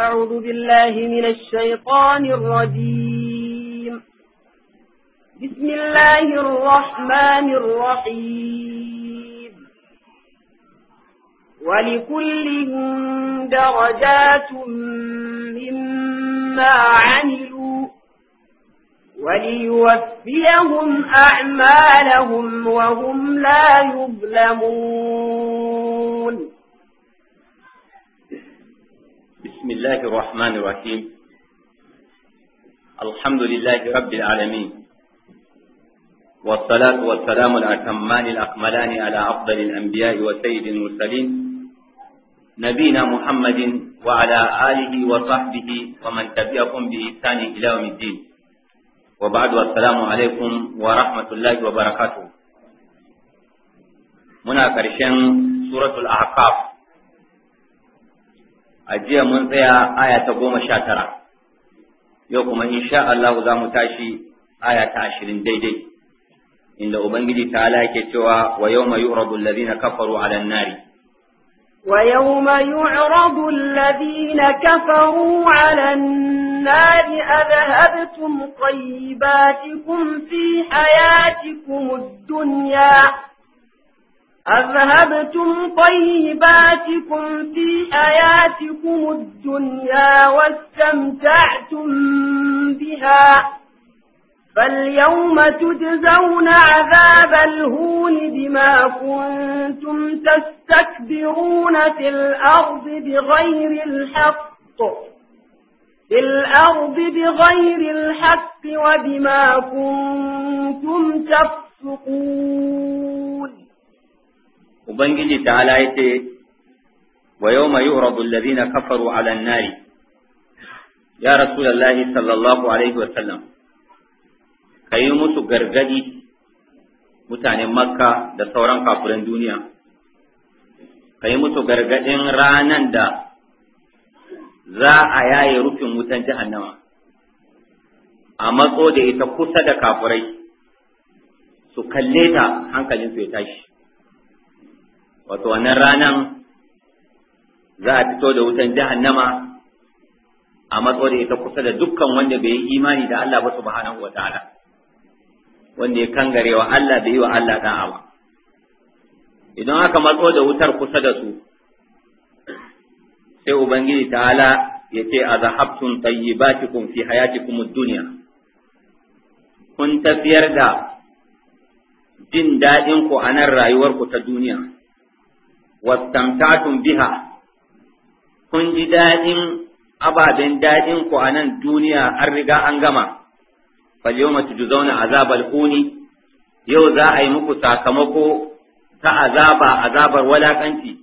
أعوذ بالله من الشيطان الرجيم بسم الله الرحمن الرحيم ولكل درجات مما عملوا وليوفيهم أعمالهم وهم لا يظلمون بسم الله الرحمن الرحيم الحمد لله رب العالمين والصلاة والسلام الأتمان الأكملان على أفضل الأنبياء وسيد المرسلين نبينا محمد وعلى آله وصحبه ومن تبعهم بإحسان إلى يوم الدين وبعد والسلام عليكم ورحمة الله وبركاته منا كرشن سورة الأعقاب a jiya mun tsaya aya ta goma sha tara yau kuma insha Allah za mu tashi aya ta ashirin daidai inda ubangiji ta yake cewa wa yawma yu'radu alladhina kafaru 'ala an-nari na يعرض a كفروا على النار أذهبتم طيباتكم في حياتكم الدنيا أذهبتم طيباتكم في حياتكم الدنيا واستمتعتم بها فاليوم تجزون عذاب الهون بما كنتم تستكبرون في الأرض بغير الحق في الأرض بغير الحق وبما كنتم تفسقون ubangiji ta'ala yace wa yawma yu'radu na kafaru a lannari, ya ya lallahi sallallahu alaihi wa sallam yi musu gargadi mutanen makka da sauran kafuran duniya Ka yi musu gargadin ranan da za a yaye rufin wutan jahannama a matso da ita kusa da kafurai su kalle ta hankalinsu ya tashi wato wannan ranan za a fito da wutan jahannama a matso da ita kusa da dukkan wanda bai yi imani da Allah ba subhanahu wa ta'ala wanda ya kangare wa Allah bai yi wa Allah da'a ba idan aka matso da wutar kusa da su sai ubangiji ta'ala ya ce a zahabtun tayyibatikum fi hayatikum ad-dunya kun tafiyar da jin daɗin ku a nan rayuwarku ta duniya wastamtatun biha kun ji daɗin ababen daɗin ku a nan duniya an riga an gama falyoma tujzauna azabal huni yau za a yi muku sakamako ta azaba azabar walakanci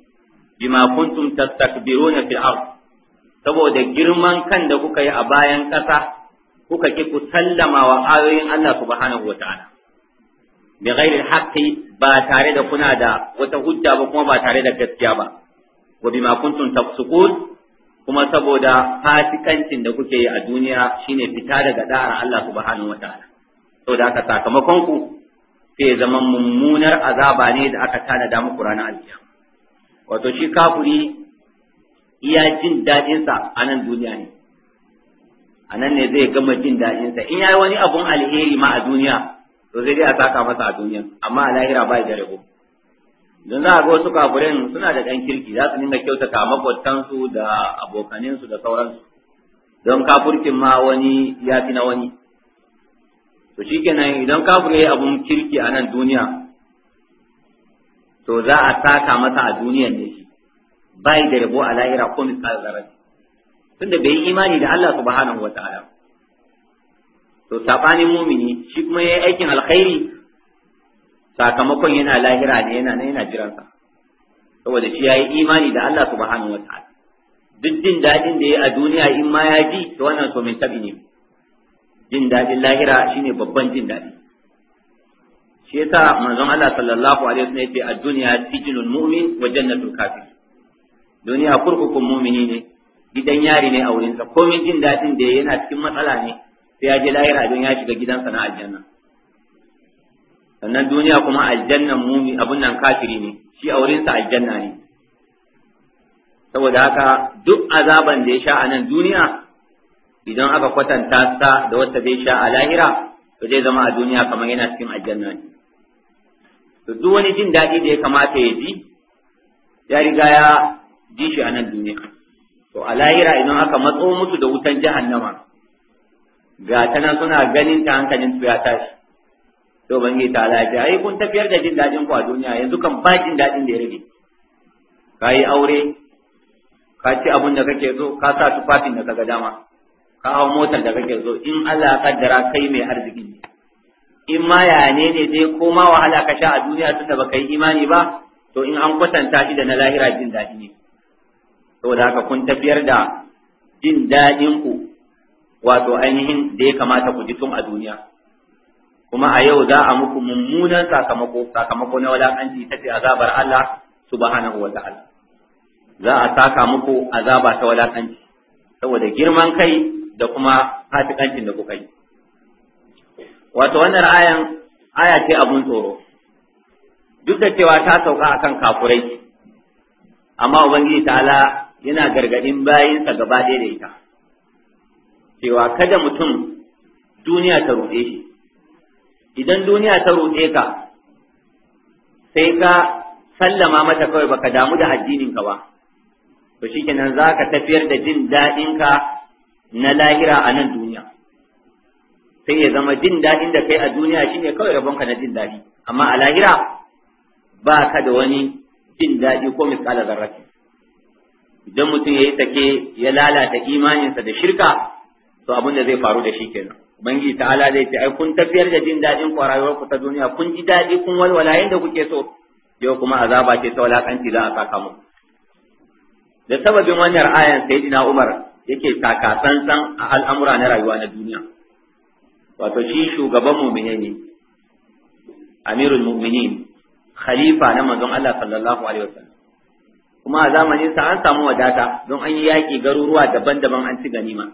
bima kuntum tastakbiruna fil ard saboda girman kan da kuka yi a bayan ƙasa kuka ki ku sallama wa ayoyin Allah subhanahu wataala bi ghairi haqqi ba tare da kuna da wata hujja ba kuma ba tare da gaskiya ba wa bima kuntum tafsukun kuma saboda fasikancin da kuke yi a duniya shine fita daga da'ar Allah subhanahu wataala da haka sakamakon ku sai zaman mummunar azaba ne da aka da muku ranar alkiyama wato shi kafuri iya jin daɗinsa a nan duniya ne a ne zai gama jin daɗinsa in yayi wani abun alheri ma a duniya to sai dai a saka masa a duniya amma a lahira ba da rabo don za a ga wasu kafirin suna da ɗan kirki za su dinga kyautata maƙwabtansu da abokaninsu da sauransu don kafurkin ma wani ya fi na wani to shikenan idan kafir ya yi abun kirki a nan duniya to za a saka masa a duniya ne shi bai da rabo a lahira ko misal zarar tunda bai yi imani da Allah subhanahu wa ta'ala to sabanin mumini shi kuma yayi aikin alkhairi sakamakon yana lahira ne yana na yana jiransa saboda shi yayi imani da Allah subhanahu wataala duk jin daɗin da ya a duniya in ma ya ji to wannan to min tabi ne jin daɗin lahira shine babban jin daɗi shi yasa manzon Allah sallallahu alaihi wasallam yace a duniya sijnul mu'min wa jannatul kafir duniya kurkukun mu'mini ne gidan yari ne a wurin sa komai jin daɗin da yana cikin matsala ne sai ya je lahira don ya shiga gidansa na aljanna sannan duniya kuma aljannan mumi abun nan kafiri ne shi a wurinsa aljanna ne saboda haka duk azaban da ya sha a nan duniya idan aka kwatanta sa da wata zai sha a lahira to zai zama a duniya kamar yana cikin aljanna ne to duk wani jin daɗi da ya kamata ya ji ya riga ya ji shi a nan duniya to a lahira idan aka matso musu da wutan jahannama ga suna ganin ta hankalin su ya tashi to bangi ta lafi ai kun tafiyar da jin dadin ku a duniya yanzu kan ba jin dadin da ya rage ka yi aure ka ci abun da kake so ka sa tufafin da kaga dama ka hau motar da kake so in Allah ya kaddara kai mai arziki ne in ma ya ne ne dai ko ma wahala ka sha a duniya tunda baka yi imani ba to in an kwatanta shi da na lahira jin daɗi ne saboda haka kun tafiyar da jin daɗin ku wato ainihin da ya kamata ku ji tun a duniya kuma a yau za a muku mummunan sakamako sakamako na wadatanci ita ce azabar Allah subhanahu wata'ala za a saka muku azaba ta wadatanci saboda girman kai da kuma fasikancin da kuka yi wato wannan ayan aya ce abun tsoro duk da cewa ta sauka akan kafurai amma ubangiji ta'ala yana gargadin bayinsa gaba ɗaya da ita cewa kada mutum duniya ta ruɗe shi idan duniya ta ruɗe ka sai ka sallama mata kawai baka damu da addinin ka ba to shikenan za ka tafiyar da jin daɗinka na lahira a nan duniya sai ya zama jin daɗin da kai a duniya shine kawai rabonka na jin daɗi amma a lahira ba ka da wani jin daɗi ko misƙala zarrafi idan mutum ya yi take ya lalata imaninsa da shirka to abin da zai faru da shi kenan ubangiji ta'ala zai ce ai kun tafiyar da jin daɗin ku a rayuwar ku ta duniya kun ji daɗi kun walwala yadda kuke so yau kuma azaba ce ta walakanci za a saka mu da sababin wannan ayan sayyidina Umar yake taka tsantsan a al'amura na rayuwa na duniya wato shi shugaban mu'mini ne amirul mu'minin khalifa na manzon Allah sallallahu alaihi wasallam kuma a zamanin sa an samu wadata don an yi yaƙi garuruwa daban-daban an ci ganima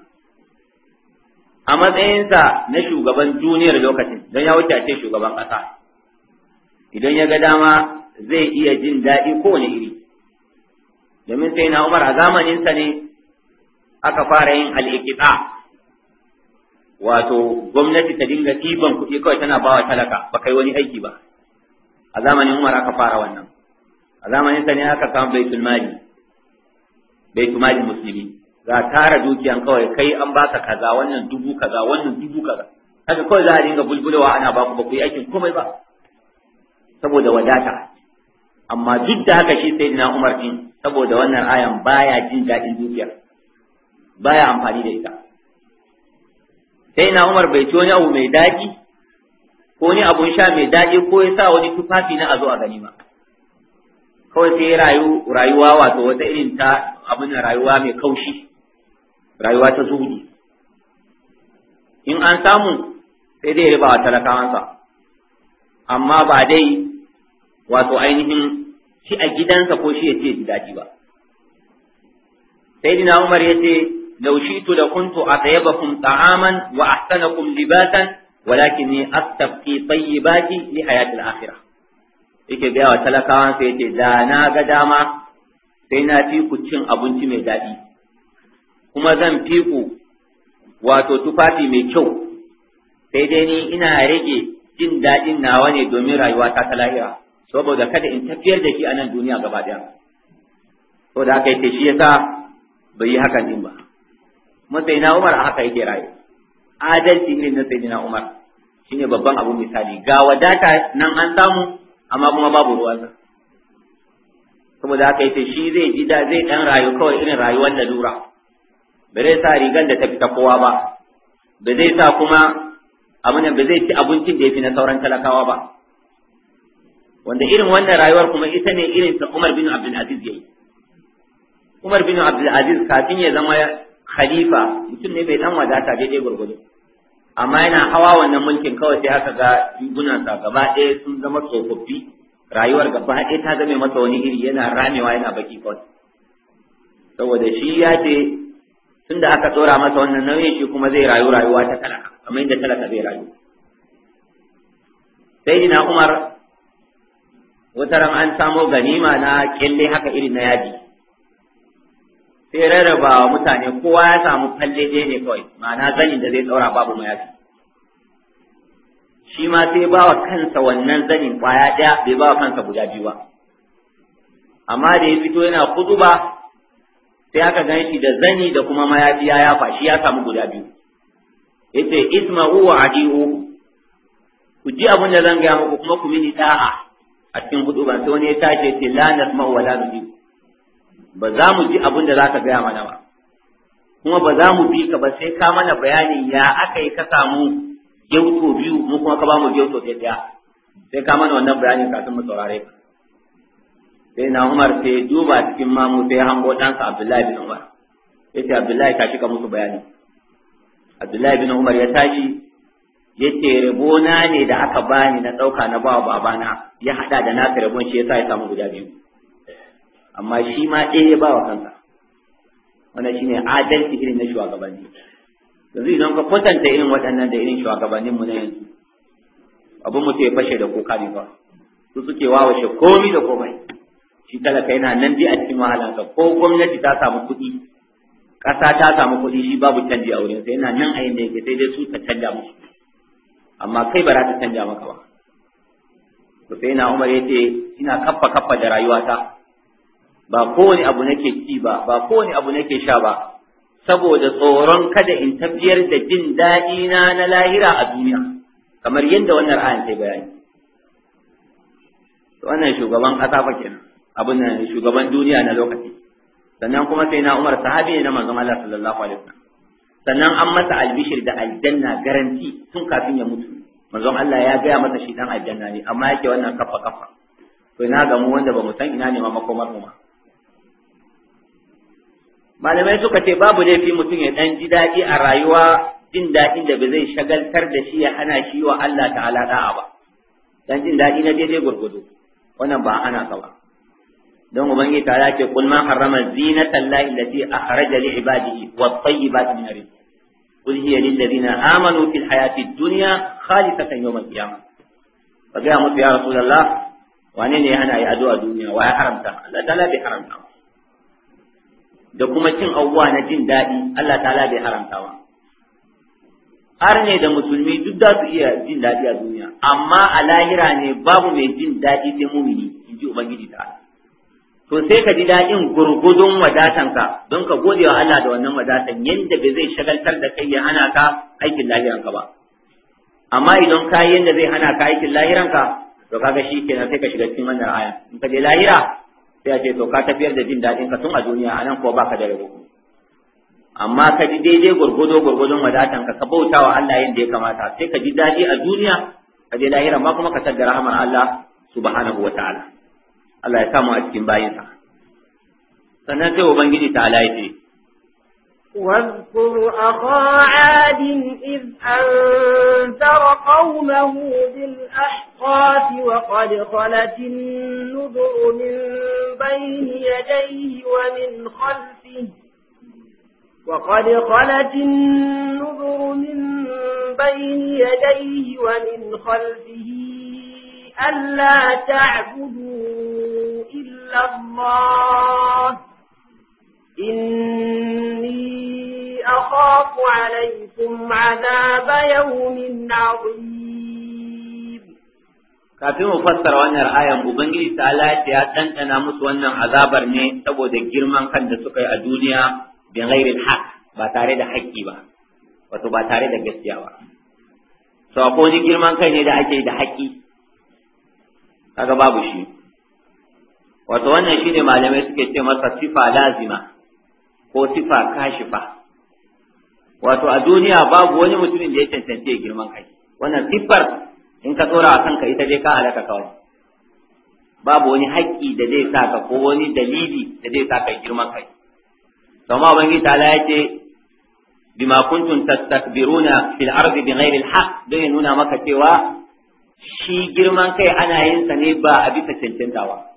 a matsayinsa na shugaban duniyar lokacin don ya wuce a ce shugaban ƙasa idan ya ga dama zai iya jin daɗi kowane iri domin sai na umar a zamaninsa ne aka fara yin al'ikita wato gwamnati ta dinga ɗiban kuɗi kawai tana bawa talaka ba kai wani aiki ba a zamanin umar aka fara wannan a zamaninsa ne aka samu baitul mali musulmi ga tara dukiyan kawai kai an baka kaza wannan dubu kaza wannan dubu kaza haka kawai za a dinga bulbulowa ana baku ba ku yi aikin komai ba saboda wadata amma duk da haka shi sai na Umar din saboda wannan ayan baya jin daɗin dukiyar baya amfani da ita sai na Umar bai ci wani abu mai daɗi ko wani abun sha mai daɗi ko ya sa wani tufafi na a zo a gani ma. kawai sai rayu rayuwa wato wata irin ta abin rayuwa mai kaushi rayuwa ta zuhudi in an samu sai dai riba wa talakawansa amma ba dai wato ainihin shi a gidansa ko shi ya ce daji ba sayyidina umar ya ce kun libatan, walakin ne طعاما وأحسنكم لباسا ولكني أستبقي طيباتي لحياة الآخرة yake gaya wa talakawansa sai ce da na ga dama sai na fi ku cin abinci mai daɗi kuma zan fi ku wato tufafi mai kyau sai dai ni ina rage jin daɗin nawa ne domin rayuwa ta lahira saboda kada in tafiyar da shi a nan duniya gaba ɗaya to da aka yi shi yasa bai yi hakan din ba kuma sai na Umar haka yake rayu adalci irin na na Umar shine babban abu misali ga wadata nan an samu amma kuma babu ruwan saboda haka yake shi zai ji da zai dan rayu kawai irin rayuwar lalura ba zai sa rigan da ta fita kowa ba ba zai sa kuma abin ba zai ci abincin da ya fi na sauran talakawa ba wanda irin wannan rayuwar kuma ita ne irin ta Umar bin Abdul Aziz yayi Umar bin Abdul Aziz kafin ya zama khalifa mutum ne bai dan wadata daidai gurgudu amma yana hawa wannan mulkin kawai sai aka ga rigunansa gaba ɗaya sun zama tsofaffi rayuwar gaba ɗaya ta zame masa wani iri yana ramewa yana baki kawai saboda shi ya ce tunda aka tsora masa wannan nauyin shi kuma zai rayu rayuwa ta talaka kamar yadda talaka zai rayu sai na umar wata ran an samo ganima na kyalle haka irin na yaji sai rarraba wa mutane kowa ya samu kalle ɗaya ne kawai ma'ana zanin da zai tsora babu mayafi shi ma sai ba wa kansa wannan zanin kwaya ɗaya bai ba wa kansa guda biyu ba amma da ya fito yana ba. sai aka gan shi da zani da kuma mayafi ya yafa shi ya samu guda biyu yace isma'u wa adi'u ku ji abin da zan gaya muku kuma ku mini da'a a cikin hudu ba sai wani ya tashi yace la nasma'u wa la nuji ba za mu ji abin da za ka gaya mana ba kuma ba za mu bi ka ba sai ka mana bayanin ya aka yi ka samu gyauto biyu mu kuma ka ba mu gyauto ɗaya sai ka mana wannan bayanin kafin mu saurare ka sai na Umar sai duba cikin mamu sai hango ɗansa Abdullahi bin Umar ya ce Abdullahi tashi ka musu bayani Abdullahi bin Umar ya tashi ya ce rabona ne da aka bani na ɗauka na bawa babana ya haɗa da naka rabon shi ya sa ya samu guda biyu amma shi ma ɗaya ya bawa kansa wannan shine adalci irin na shugabanni yanzu idan ka kwatanta irin waɗannan da irin shugabanninmu na yanzu abin mu ya fashe da kuka ne ba su suke wawashe komi da komai shi talaka yana nan dai a cikin wahala ko gwamnati ta samu kuɗi ƙasa ta samu kuɗi shi babu canji a wurinsa yana nan a yin yake sai dai su ta canja musu amma kai ba za ta canja maka ba to sai na umar yace ina kaffa kaffa da rayuwata ba kowane abu nake ci ba ba kowane abu nake sha ba saboda tsoron kada in tafiyar da jin daɗi na na lahira a duniya kamar yadda wannan ayan ta bayani wannan shugaban ƙasa fa kenan abin nan shugaban duniya na lokaci sannan kuma sai na Umar sahabi ne na manzon Allah sallallahu alaihi wasallam sannan an masa albishir da aljanna garanti tun kafin ya mutu manzon Allah ya gaya masa shi dan aljanna ne amma yake wannan kafa kafa to ina ga mu wanda bamu san ina ne ma makomar mu ma malamai suka ce babu laifi mutum ya dan ji daɗi a rayuwa jin daɗin da ba zai shagaltar da shi ya hana shi wa Allah ta'ala da'a ba dan jin daɗi na daidai gurgudu wannan ba ana ka ba don ubangi ta ya ce kul ma harrama zinata allahi allati akhraja li ibadihi wat tayyibati min rizqi qul hiya lil ladina amanu fil hayati dunya khalisatan yawm al qiyamah fa ga mu ya rasulullah wane ne hana yi addu'a duniya wa ya haramta Allah ta'ala bai haramta da kuma cin abubuwa na jin daɗi Allah ta'ala bai haramta ba har ne da musulmi duk za su iya jin daɗi a duniya amma a lahira ne babu mai jin daɗi sai mumini in ji ubangiji ta'ala to sai ka ji daɗin gurgudun wadatanka don ka gode wa Allah da wannan wadatan yadda bai zai shagaltar da kai ya hana ka aikin lahiranka ba amma idan ka yi yadda zai hana ka aikin lahiranka to kaga shi kenan sai ka shiga cikin wannan aya in ka je lahira sai a ce to ka tafiyar da jin daɗin ka tun a duniya a nan ba ka da rabo amma ka ji daidai gurgudo gurgudun wadatanka ka bauta wa Allah yadda ya kamata sai ka ji daɗi a duniya ka je lahira ma kuma ka tadda rahamar Allah subhanahu wa ta'ala Allah ya samu a cikin bayinsa sannan sai ubangiji ta halaye واذكر أخا عاد إذ أنذر قومه بالأحقاف وقد خلت النذر من بين يديه ومن خلفه وقد خلت النذر من بين يديه ومن خلفه ألا تعبدوا إلا الله إني أخاف عليكم عذاب يوم عظيم kafin mu fassara wannan ayan بنجلي ta lati ya ɗanɗana musu wannan azabar ne saboda girman kan da suka yi a duniya bi ghairil haq ba wato ba tare da gaskiya ba so akwai girman kai ne da ake da haƙƙi kaga babu shi wato wannan shine malamai suke ce masa sifa lazima ko sifa kashifa wato a duniya babu wani mutumin da ya cancanci ya girman kai wannan siffar in ka tsora a kanka ita dai ka halaka kawai babu wani haƙƙi da zai sa ka ko wani dalili da zai sa ka girman kai kama ubangiji ta ya ce bima kuntum tastakbiruna fil ardi bighairi alhaq don ya nuna maka cewa shi girman kai ana yin sa ne ba a bisa cancantawa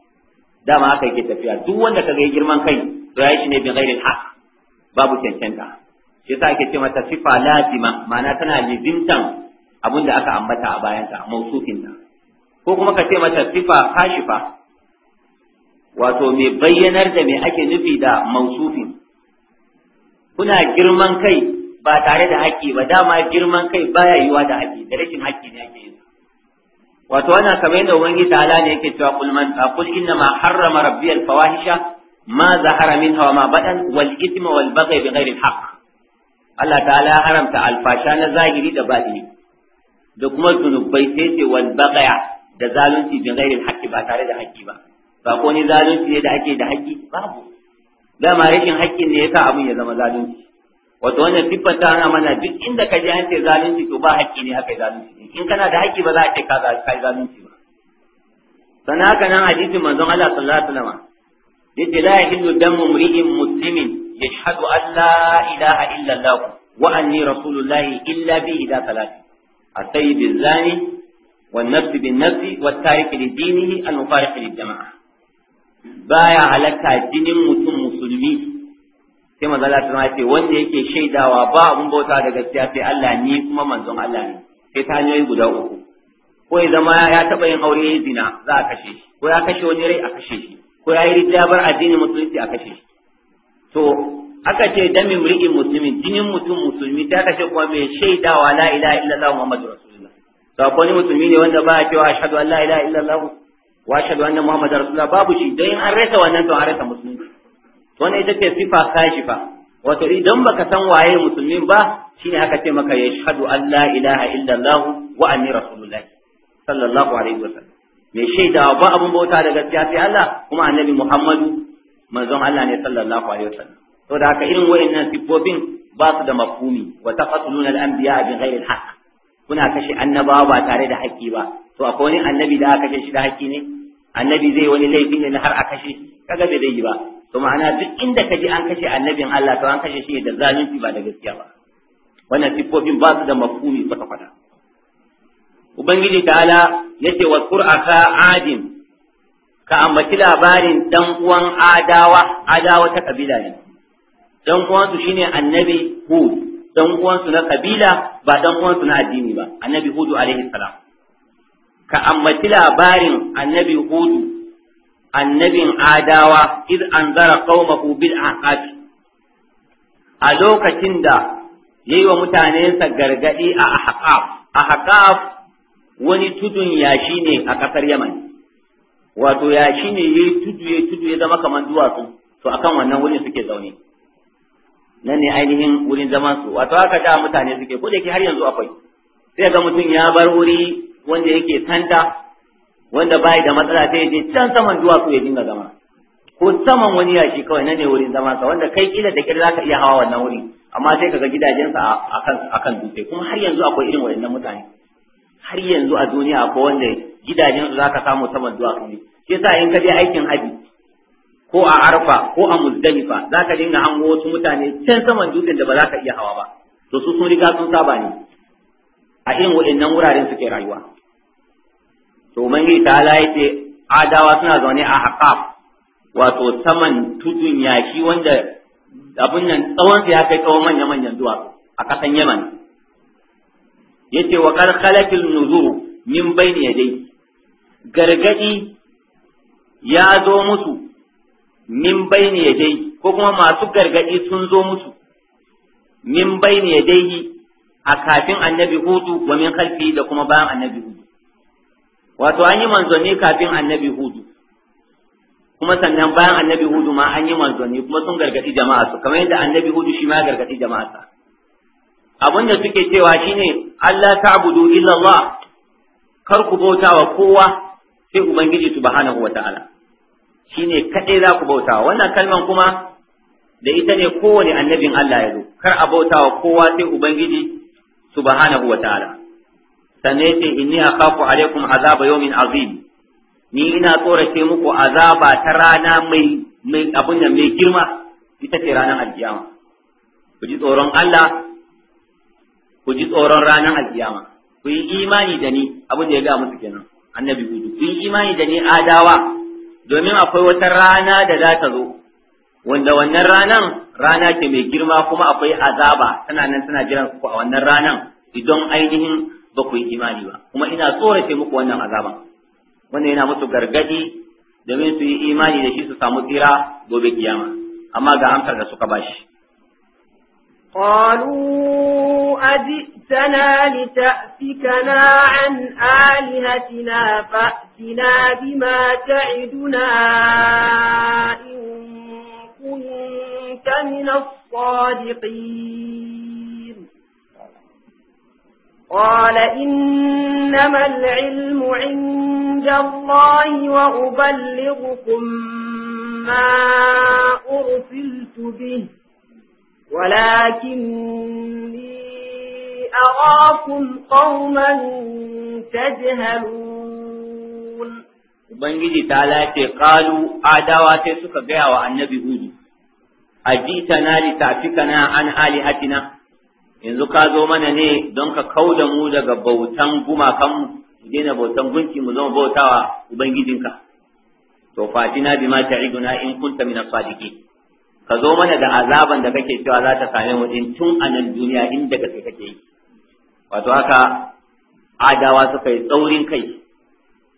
dama aka yake tafiya duk wanda ka ya girman kai to ya shi ne bi ghairil haq babu cancanta shi yasa ake ce mata sifa lazima ma'ana tana lizintan abin da aka ambata a bayanta ta ko kuma ka ce mata sifa kashifa wato mai bayyanar da me ake nufi da mausufin kuna girman kai ba tare da haƙƙi ba dama girman kai baya yiwa da haƙƙi da rashin haƙƙi ne ake yi. wato wannan kamar yadda ubangiji ta'ala ne yake cewa kul man qul inna ma harrama rabbi al fawahisha ma zahara minha wa ma badan wal ithma wal baghy bighairi al haqq Allah ta'ala ya haramta alfasha na zahiri da batini da kuma zunubai sai ce wal bagaya da zalunci bighairi al haqq ba tare da haƙƙi ba ba ko ni zalunci ne da ake da haƙƙi babu dama rashin haƙƙin ne yasa abun ya zama zalunci wato wannan siffar ta hana mana duk inda ka ji an ce zalunci to ba haƙƙi ne aka yi zalunci in kana da haƙƙi ba za a ce ka yi zalunci ba sannan haka nan hadisin manzon Allah sallallahu alaihi wasallam yace la yahillu damu mri'in muslimin yashhadu an la ilaha illa Allah wa anni rasulullahi illa bi ida salati at-tayyib az-zani wan-nafs bin-nafs wat-tariq li-dinihi al-mufariq lil-jama'a baya halatta jinin mutum musulmi sai manzo ta ce wanda yake shaidawa ba abun bauta da gaskiya sai Allah ni kuma manzon Allah ne sai ta hanyoyi guda uku ko ya zama ya taɓa yin aure ya zina za a kashe shi ko ya kashe wani rai a kashe shi ko ya yi rijiya bar addinin musulunci a kashe shi to aka ce dami mri'in musulmin jinin mutum musulmi ta kashe kuma mai shaidawa la ilaha illallah muhammadu rasulullah to akwai wani musulmi ne wanda ba a cewa ashhadu an la ilaha illallah wa ashhadu anna muhammadu rasulullah babu shi don an rasa wannan to an rasa musulunci Wani ita ce sifa kashifa wato idan baka san waye musulmin ba shi ne aka ce maka yashhadu an la ilaha illallah wa anni rasulullah sallallahu alaihi wasallam Me shaida ba abun bauta da gaskiya sai Allah kuma annabi Muhammadu manzon Allah ne sallallahu alaihi wasallam to da haka irin wayannan sifofin ba su da mafhumi wa taqatuluna al-anbiya bi ghairi al-haqq kuna kashe annabawa ba tare da haƙƙi ba to akwai wani annabi da aka kashe shi da haƙƙi ne annabi zai wani laifi ne na har a kashe kaga bai zai yi ba to ma'ana duk inda ka ji an kashe annabin Allah to an kashe shi da zalunci ba da gaskiya ba wannan siffofin ba su da mafhumi kwata kwata ubangiji ta'ala yace wa qur'aka adin ka ambaci labarin dan uwan adawa adawa ta kabila ne dan uwansu shine annabi hud dan uwansu na kabila ba dan uwansu na addini ba annabi hud alaihi salam ka ambaci labarin annabi hudu annabin adawa iz zara qaumahu bil ahqaf a lokacin da yayi wa mutanensa gargadi a ahqaf ahqaf wani tudun yashi ne a kasar yaman wato yashi ne yayi tudu yayi tudu ya zama kaman duwatsu to akan wannan wurin suke zaune nan ne ainihin wurin zaman su wato haka da mutane suke ko da yake har yanzu akwai sai ga mutum ya bar wuri wanda yake santa wanda bai da matsala sai je can saman duwatsu ya dinga zama ko saman wani yashi kawai na ne wurin zama sa wanda kai kila da kira zaka iya hawa wannan wuri amma sai kaga gidajensa akan akan dutse kuma har yanzu akwai irin waɗannan mutane har yanzu a duniya akwai wanda gidajensu zaka samu saman duwatsu ne sai sa in ka je aikin haji ko a arfa ko a muzdalifa zaka dinga hango wasu mutane can saman dutsen da ba za ka iya hawa ba to su sun riga sun saba ne a irin waɗannan wuraren suke rayuwa to ubangiji ta ala yace adawa suna zaune a haqaf wato saman tutun, yaki wanda abin nan tsawon ya kai tsawon manya manyan zuwa a kasan yaman ce wa qad khalatil nuzur min bayni dai. gargadi ya zo musu min bayni dai. ko kuma masu gargadi sun zo musu min bayni dai a kafin annabi hudu wa min khalfi da kuma bayan annabi wato an yi manzanni kafin annabi hudu kuma sannan bayan annabi hudu ma an yi manzanni kuma sun gargadi jama'a su kamar yadda annabi hudu shi ma gargadi jama'a sa abin da suke cewa shine Allah ta illa Allah kar ku bauta wa kowa sai ubangiji subhanahu wata'ala shine kadai za ku bauta wannan kalman kuma da ita ne kowane annabin Allah ya zo kar a bauta wa kowa sai ubangiji subhanahu wata'ala sannan ce inni akhafu alaikum azaba yawmin azim ni ina tsorace muku azaba ta rana mai mai abin nan mai girma ita ce ranar alkiyama ku ji tsoron Allah ku ji tsoron ranar alkiyama ku yi imani da ni abin da ya ga musu kenan annabi hudu ku yi imani da ni adawa domin akwai wata rana da za ta zo wanda wannan ranan rana ce mai girma kuma akwai azaba tana nan tana jiran ku a wannan ranan idan ainihin ba ku yi imani ba kuma ina tsorace muku wannan azaba wannan yana mutu gargadi domin su yi imani da shi su samu tsira gobe kiyama amma ga amsar da suka bashi قالوا أجئتنا لتأفكنا عن آلهتنا فأتنا بما تعدنا إن كنت من الصادقين قال إنما العلم عند الله وأبلغكم ما أرسلت به ولكني أراكم قوما تجهلون Ubangiji ta lace ƙalu adawa sai suka gaya wa annabi hudu, a ji ta na littafi kana an alihatina, yanzu ka zo mana ne don ka kau da mu daga bautan gumakan mu daina bautan gunki mu zama bautawa ubangijinka to fatina ma ta'iduna in kunta min as sadiqi ka zo mana da azaban da kake cewa za ta same mu din tun a nan duniya inda kake kake yi wato haka adawa suka yi tsaurin kai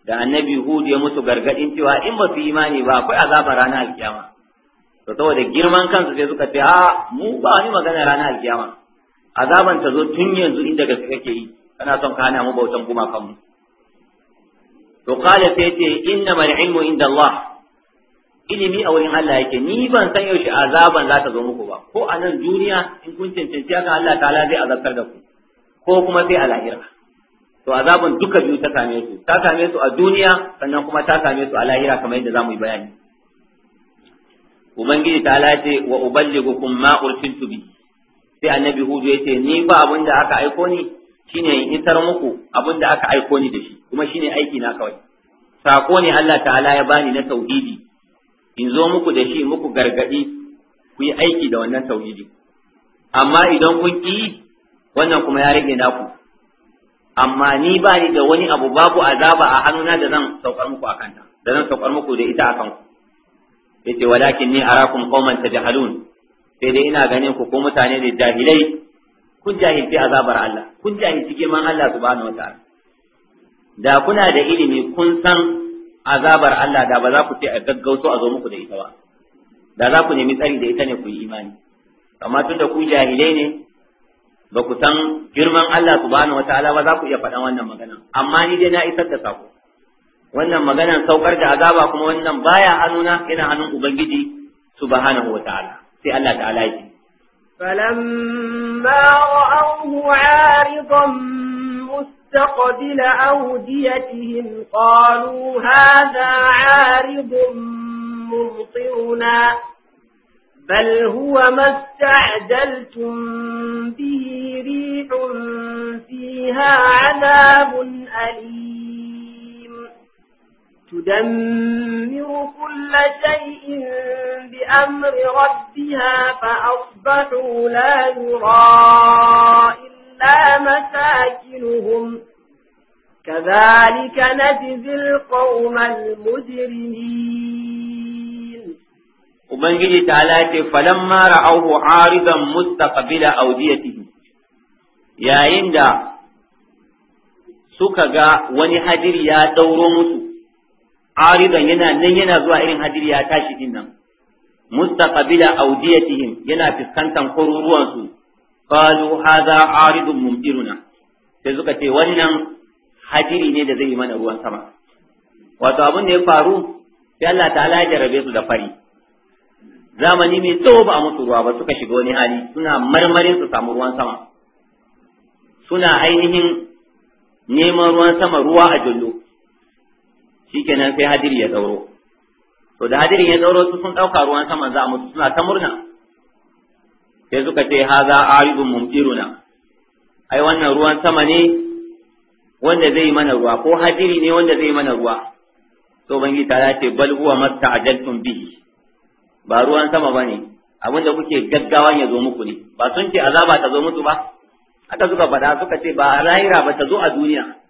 da annabi Hud ya mutu gargadin cewa in ba su imani ba akwai azaba ranar alkiyama to saboda girman kansu sai suka ce a ah, mu ba ni magana ranar alkiyama azaban ta zo tun yanzu inda gaske kake yi kana son ka hana mu bautan gumakan mu to qala sai ce mal ilmu inda Allah ilimi a wurin Allah yake ni ban san yaushe azaban za ta zo muku ba ko a nan duniya in kun cancanci haka Allah ta'ala zai azabtar da ku ko kuma sai a lahira to azaban duka biyu ta same su ta same su a duniya sannan kuma ta same su a lahira kamar yadda zamu yi bayani ubangiji ta ce wa uballighukum ma ursiltu bihi sai annabi hudu ya ce ni ba abin da aka aiko ni shine in isar muku abin da aka aiko ni da shi kuma shine aiki na kawai sako ne Allah ta'ala ya bani na tauhidi in zo muku da shi muku gargadi ku yi aiki da wannan tauhidi amma idan kun ki wannan kuma ya rage naku amma ni ba ni da wani abu babu azaba a hannuna da zan saukar muku akan ta da zan saukar muku da ita akan ku yace walakin ni arakum qauman tajhalun sai dai ina ganin ku ko mutane ne jahilai kun jahilci azabar Allah kun jahilci girman Allah subhanahu wataala da kuna da ilimi kun san azabar Allah da ba za ku ce a gaggauto a zo muku da ita ba da za ku nemi tsari da ita ne ku yi imani amma tun da ku jahilai ne ba ku san girman Allah subhanahu wataala ba za ku iya faɗan wannan magana amma ni dai na isar da sako wannan maganan saukar da azaba kuma wannan baya hannuna ina hannun ubangiji subhanahu wataala sai Allah فلما رأوه عارضا مستقبل أوديتهم قالوا هذا عارض ممطرنا بل هو ما استعجلتم به ريح فيها عذاب أليم تدمر كل شيء بأمر ربها فأصبحوا لا يرى إلا مساكنهم كذلك نجزي القوم المجرمين وبنجي تعالى فلما رأوه عارضا مستقبل أوديته يا إندا suka ga wani hadiri ya dauro musu aridan yana nan yana zuwa irin hadiri ya tashi din nan mustaqbila awdiyatihim yana fiskantan kururuwan su qalu hadha aridun mumtiruna sai suka ce wannan hadiri ne da zai yi mana ruwan sama wato abin da ya faru sai Allah ta'ala ya jarabe su da fari zamani mai tsawo ba a musu ruwa ba suka shiga wani hali suna marmarin su samu ruwan sama suna ainihin neman ruwan sama ruwa a jullo shikenan sai hadiri ya tsauro to da hadiri ya tsauro su sun ɗauka ruwan sama za mu suna ta murna sai suka ce haza aibun mumtiruna ai wannan ruwan sama ne wanda zai mana ruwa ko hadiri ne wanda zai mana ruwa to bangi ta ce bal huwa masta'ajaltum bihi ba ruwan sama bane abinda kuke gaggawan ya zo muku ne ba sun ce azaba ta zo musu ba haka suka faɗa suka ce ba lahira ba ta zo a duniya